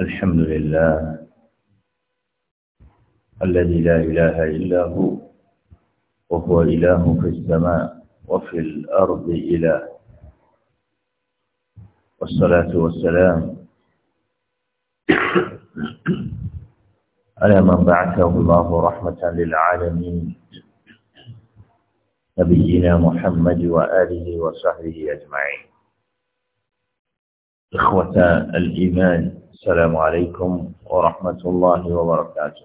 الحمد لله الذي لا إله إلا هو وهو إله في السماء وفي الأرض إله والصلاة والسلام على من بعثه الله رحمة للعالمين نبينا محمد وآله وصحبه أجمعين إخوة الإيمان السلام عليكم ورحمة الله وبركاته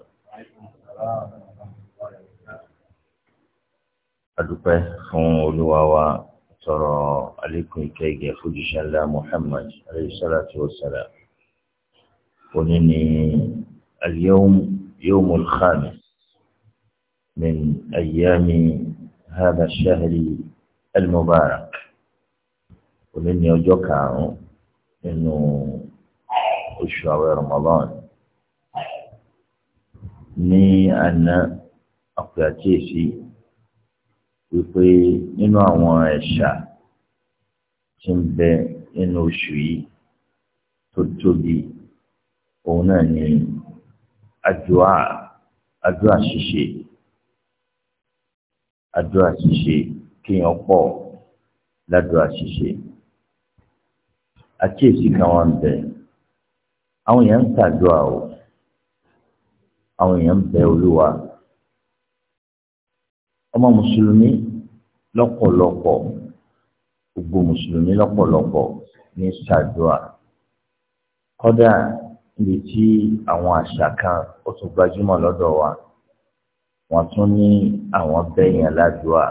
adúpẹ́ fún olúwa wa tọrọ àlékún ìkẹ́ ìgẹ̀ fújíṣẹ́ ńlá Muhammad alayhi salatu wa salam òní ni al-yawm yawm al-khamis min ayyami hadha ash-shahri al-mubarak òní ni ọjọ́ karùn-ún nínú oṣù àwẹ̀ Ramadan ní àná àpè àkíyèsí wípé nínú àwọn ẹ̀ṣà tí ń bẹ nínú oṣù yìí tó tóbi òun náà ni àdúà àdúà ṣíṣe àdúà ṣíṣe kéèyàn pọ̀ ládùúà ṣíṣe àkíyèsí kan wà ń bẹ àwọn èèyàn ń ṣàdúrà o àwọn èèyàn ń bẹ olúwa ọmọ mùsùlùmí lọ́pọ̀lọpọ̀ gbogbo mùsùlùmí lọ́pọ̀lọpọ̀ ní ṣàdúrà kódà níbi tí àwọn àṣà kan ó tún gbajúmọ̀ lọ́dọ̀ wa wọ́n tún ní àwọn bẹ́yàn ládùúà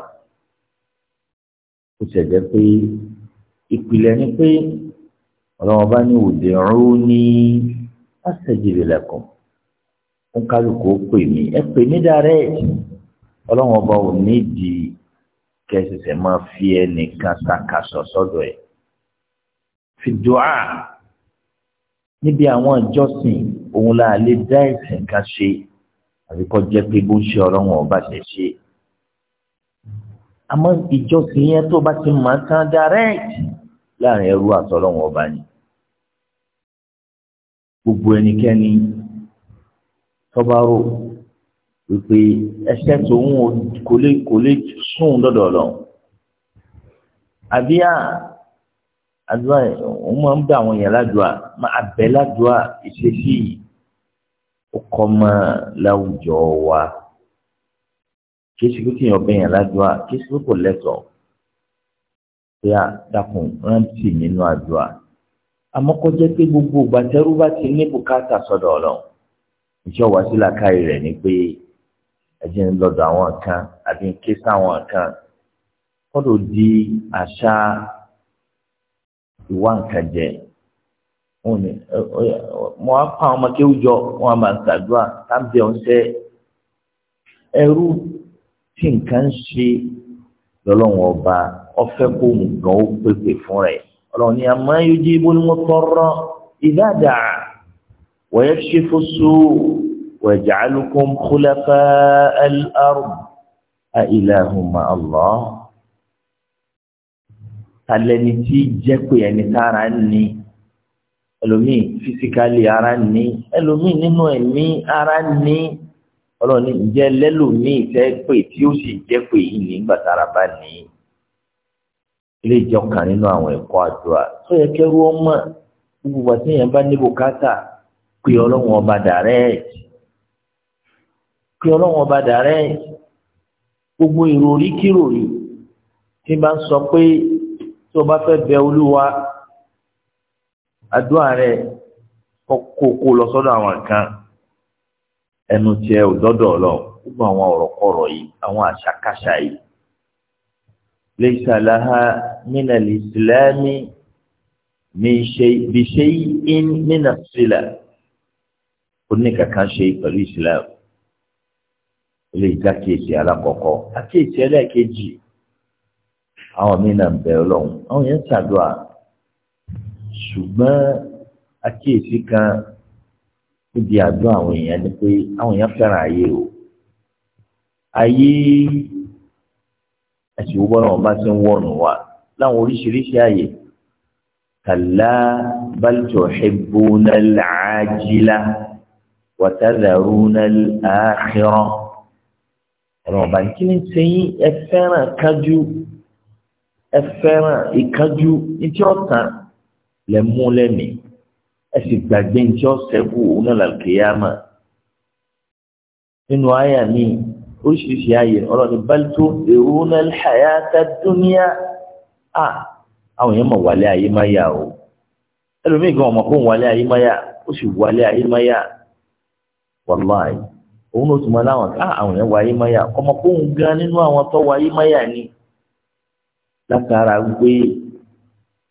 ó ṣẹ̀jẹ̀ pé ìpìlẹ̀ ni pé ọlọ́wọ́n bá ní òde ọ̀rún ní astajib lakum ń kálukú ó pè mí ẹ pè mí dàrẹ́ ọlọ́wọ́n bá ò ní di kẹsìsẹ́ máa fi ẹnìkan ṣàkàṣọ sọ́dọ̀ ẹ̀ fi dùá níbi àwọn ìjọsìn òun là lè dá ẹ̀sìn kan ṣe àbí kọ́ jẹ́ pé bó ń ṣe ọlọ́wọ́n ọba ṣe ṣe àmọ́ ìjọsìn yẹn tó bá ti máa tán dàrẹ́ láàrin ẹrú àtọ́lọ́wọ́n ọba ni gbogbo ẹnikẹ́ni tọ́ba rò wípé ẹsẹ̀ tòun kò lè kò lè sùn dọ́dọ̀ lọ. àbíyá àdúrà òun máa ń bẹ àwọn èèyàn ládùúà máa bẹ ládùúà ìṣesí ó kọ́ láwùjọ wa kí esikú kí èèyàn bẹ èèyàn ládùúà kí esikú kò lẹ́tọ̀ọ́ bí a dákun rántí nínú àdúrà àmọ́ kó jẹ́ pé gbogbo ìgbàtẹ́rú bá ti ní bùkátà sọ̀dọ̀ ọlọ́run iṣẹ́ wa sí làkàyè rẹ̀ ni pé ẹ̀jẹ̀ ń lọ́dọ̀ àwọn kan àbí ń ké sáwọn kan kọ́dọ̀ di àṣà ìwà nǹkan jẹ mo á pa àwọn ọmọ kéwù jọ wọn máa ń ṣàdúrà tábìlì ọ̀sẹ̀ ẹrú tí nǹkan ń ṣe lọ́lọ́wọ́n ọba ọ̀fẹ́ kó nǹkan ó pépè fún rẹ̀ ọlọ́run ni àmọ́ yójí ibú ni wọ́n tọrọ ìdáàdà wọ́yẹ́ ṣe fosú wẹ̀jà alukun kúlẹ́fẹ́ ẹlẹ́rù àìlẹ́hùnmá ọlọ́ talẹ́ni tí jẹ́ pé ẹni tára ní ẹlòmíì fisikali ara ní ẹlòmíì nínú ẹ̀mí ara ní ọlọ́run ni jẹ́ lẹ́lòmíì tẹ́ pé tí ó sì jẹ́ pé yìí nígbà tára ilé ìjọkàn nínú àwọn ẹ̀kọ́ àdúrà tó yẹ kẹ́rú ọmọ gbogbo àti tí yẹn bá ní bùkátà pé ọlọ́run ọba dàrẹ́ẹ̀tì ọba gbogbo ìròrí tí bá ń sọ pé o bá fẹ́ bẹ olúwa àdúrà rẹ kókó lọ sọ́dọ̀ àwọn kan ẹnu tiẹ̀ ò dọ́dọ̀ lọ gbogbo àwọn ọ̀rọ̀kọ̀rọ̀ ليس لها من الإسلام من شيء بشيء من الصلة oníkà kan ṣe pẹ̀lú islam ilé ìjà kéèsì alákọ̀ọ́kọ́ àkéèsì ẹlẹ́ẹ̀kejì àwọn míì náà ń bẹ ọlọ́run àwọn yẹn ń ṣàdúrà ṣùgbọ́n àkéèsì kan níbi àdúrà àwọn èèyàn ni pé àwọn èèyàn fẹ́ràn ayé o ayé àti owó náà bá ti ń wọ̀nù wa láwọn oríṣiríṣi àyè kàlá bàtò ṣẹ́gbóná làájílá wàtàdàrúná àkìrán ọ̀rọ̀ ọ̀bà kí ni sẹ́yìn ẹ fẹ́ràn kájú ẹ fẹ́ràn ìkájú ní tí ó lẹ mú lẹ́mí ẹ sì gbàgbé ní tí ó ọ̀nà làkèyàmà nínú àyà míì oríṣiríṣi ayé ọlọ́ni bẹ́lító èrúnà ṣàyàtà dúníà à àwọn èèyàn mọ̀ wálé ayé má yà o ẹlòmíì gan ọmọ fún wálé ayé má yà ó sì wálé ayé má yà wàláì òun ló tún mọ láwọn ká àwọn èèyàn wáyé má yà ọmọ fún gan nínú àwọn tó wáyé má yà ni látara gbé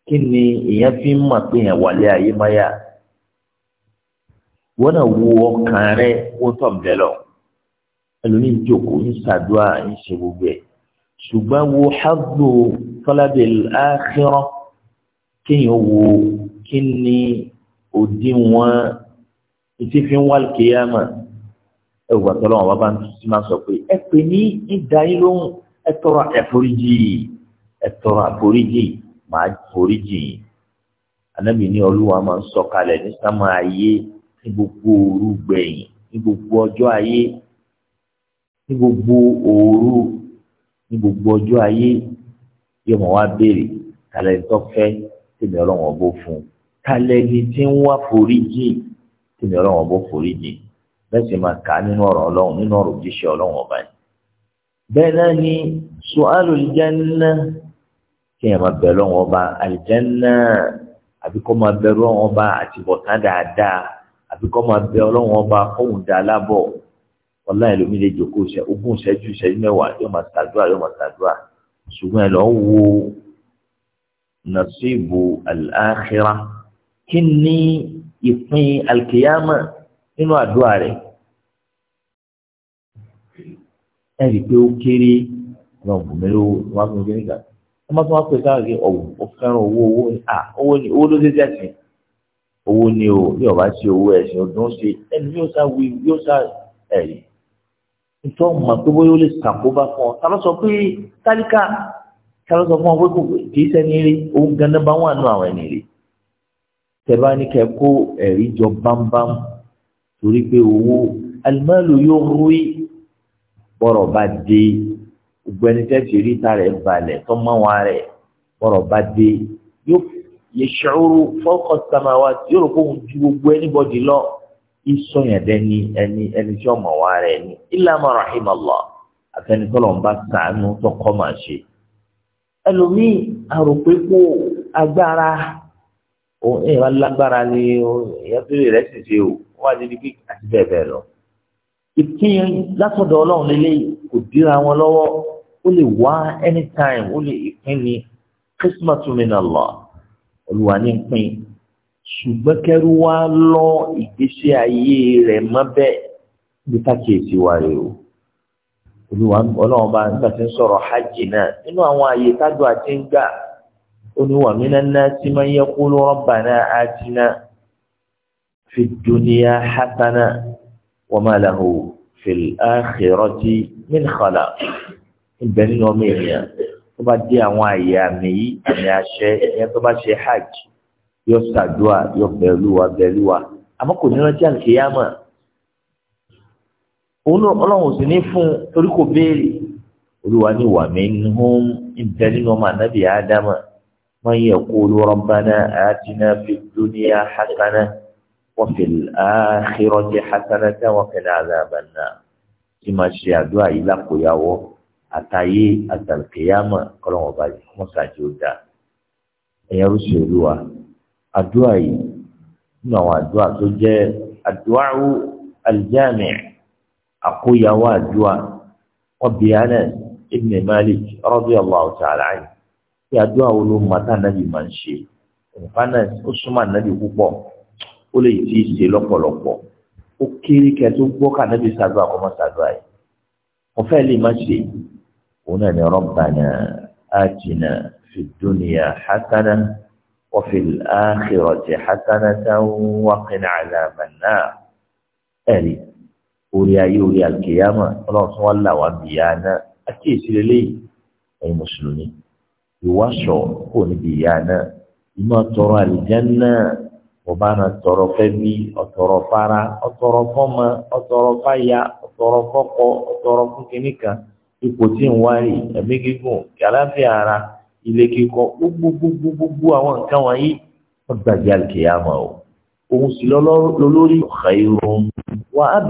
kí ni èèyàn fi ń mọ̀ pé èèyàn wálé ayé má yà wọ́n náà wo ọkàn rẹ̀ wọ́n tọ̀ bẹ́ẹ̀ lọ ẹlòmíì ń jòkó ń ṣàdúrà ń ṣe gbogbo ẹ̀ ṣùgbọ́n wo hábò tọ́lábẹ̀ áhírán kéèyàn wo kí ni òdiwọ̀n etí fi ń wá kéyàmà ẹ wò àtọ́ lọ́wọ́ bàbá tí máa sọ pé ẹ pè ní ìdá yín lóhùn ẹ tọrọ àforíjì ẹ tọrọ àforíjì màá foríjì anábì ní olúwa máa ń sọ̀kalẹ̀ ní sámà ayé ní gbogbo òru ní gbogbo ọjọ́ ayé ní gbogbo òru ní gbogbo ọjọ́ ayé yóò mọ̀ wá béèrè kálẹ̀ ní tó fẹ́ tèmi ọlọ́wọ́n bó fún un kálẹ̀ ní tí ń wá foríjì tèmi ọlọ́wọ́n bó foríjì bẹ́ẹ̀ sì máa kà á nínú ọ̀rọ̀ ọlọ́run nínú ọ̀rọ̀ òjíṣẹ́ ọlọ́run ọba yìí. bẹ́ẹ̀ náà ni su'alu aljanna kí ẹ̀ máa bẹ̀rù ọ̀wọ́n ọba aljanna àbí kọ́ máa bẹ̀rù ọ̀wọ́n ọba àtibọ̀tán dáadáa àbí kọ́ máa bẹ ọlọ́run ọba kóhùn dáa lábọ̀ ọlá ẹlòmíì lè jòkó ṣe ogún ìṣẹ́jú ìṣẹ́jú mẹ́wàá yóò máa ṣàdúrà yóò máa ṣàdúrà ṣùgbọ́n ẹ lọ ń wo nasibu al-akhira kí ni ìpín alkiyama nínú àdúrà rẹ̀ ẹ rí i pé ó kéré ọlọ́run kò mẹ́rin owó wọn á fún mi kí nìkan wọ́n máa tún wá pè sáà kí ó fẹ́ràn owó owó ni à owó ni owó ló dé sẹ́sìn owó ni o bí ọba ṣe owó ẹ̀sìn ọdún ṣe ẹni yóò sá wí yóò sá ẹ̀rí ìtọ́ mọ̀ pé bóyá ó lè ṣàkóbá fún ọ ta ló sọ pé tálíkà ta ló sọ fún ọ pé kò kì í sẹ́ni rí òun gan-an bá wà nù àwọn ẹni rí tẹ̀bá ní kẹ́ kó ẹ̀rí jọ bámbám torí pé owó alimọ́lù yóò rúi bọ́rọ̀ bá dé gbẹnitẹ́ ti rí ta rẹ̀ balẹ̀ tó mọ́ wa rẹ̀ bọ́rọ̀ bá dé yóò yẹ ṣòro fọ́kọ̀ sàmáwá yóò rò pé ju gbogbo ẹni bọ́dì lọ ìsọyàndẹni ẹni ẹni tí ọmọ wa rẹ ni ìlànà rahimallah àfẹnukọlọ ń bá sàánú tọkọ máa ṣe ẹlòmíì àròpépò agbára òun ẹ wá lágbára ni ìyàtúrò rẹ sì ṣe o wọn àti ibi àti bẹ́ẹ̀ bẹ́ẹ̀ lọ ìpín látọ̀dọ̀ Ọlọ́run lélẹyìí kò dira wọn lọ́wọ́ ó lè wá anytime ó lè ìpín ni christmas min Allah olùwà ní pín ṣùgbọ́n kẹ́rù wá lọ ìgbésí ayé rẹ̀ mọ́ bẹ́ẹ̀ bí kákìyèsí wa rè o olùwà ọlọ́run bá nígbà tí ń sọ̀rọ̀ hajj náà nínú àwọn àyè tájọ àti ń gbà ó ní wà mí náná tí máa ń yẹ kó ló rabbana atina fi dunya hasana wa ma lahu fil akhirati min khalaq ìbẹ̀ nínú ọmọ ènìyàn tó bá dé àwọn àyè àmì yìí àmì àṣẹ ìyẹn tó bá ṣe hajj yóò ṣàdúrà yóò bẹ̀lúwa bẹ̀lúwa àmọ́ kò ní rántí àlùkìyàmà òun náà ọlọ́run sì ní fún un torí kò béèrè olúwa ní wà mí ń hún ìbẹ nínú ọmọ ànábì ádámà wọn yẹ kó olórọ́bánà àtinà fi dúníà hasana wọn fi àkírọ́jẹ hasana táwọn fẹlẹ àzàbànà tí máa ṣe àdúrà yìí lákòyàwó àtàyé àtàlùkìyàmà kọlọ́wọ́n bá yìí wọ́n ṣàjò dá ẹ̀yẹ́rú sí olúwa àdúrà yìí nínú àwọn àdúrà tó jẹ́ àdúrà aljami àkóyawó àdúrà wọn bí Anas ibn Malik radiyallahu ta'ala anhu kí àdúrà wo ló máa tá ànábì máa ń ṣe nǹkan náà ó súnmọ́ ànábì púpọ̀ ó lè ti ṣe lọ́pọ̀lọpọ̀ ó kéré kẹ tó gbọ́ ká ànábì ṣàdúrà kọ́ mọ́ ṣàdúrà yìí wọ́n fẹ́ lè má ṣe òun náà ni rabbana atina fid dunya hasana. وفي الآخرة حسنة وقنا عذاب النار أري أولياء يولياء القيامة الله سبحانه وتعالى وبيانا أكيد لي أي مسلمين ìwáṣọ kò níbi ìyá náà ìmọ̀ tọrọ àlìjánná ọba náà tọrọ fẹ́bí ọ̀tọ̀rọ̀ fara ọ̀tọ̀rọ̀ fọ́mọ ọ̀tọ̀rọ̀ fáya ọ̀tọ̀rọ̀ fọ́kọ ọ̀tọ̀rọ̀ fún kínní kan ipò tí ń wáyé ẹ̀mí gígùn àlàáfíà ara ilé kíkọ́ gbogbogbogbogbò àwọn nǹkan wọ̀nyí wọ́n gbàgbé àlùkìyàmọ̀ o òun sì lọ lórí khairum wa abqa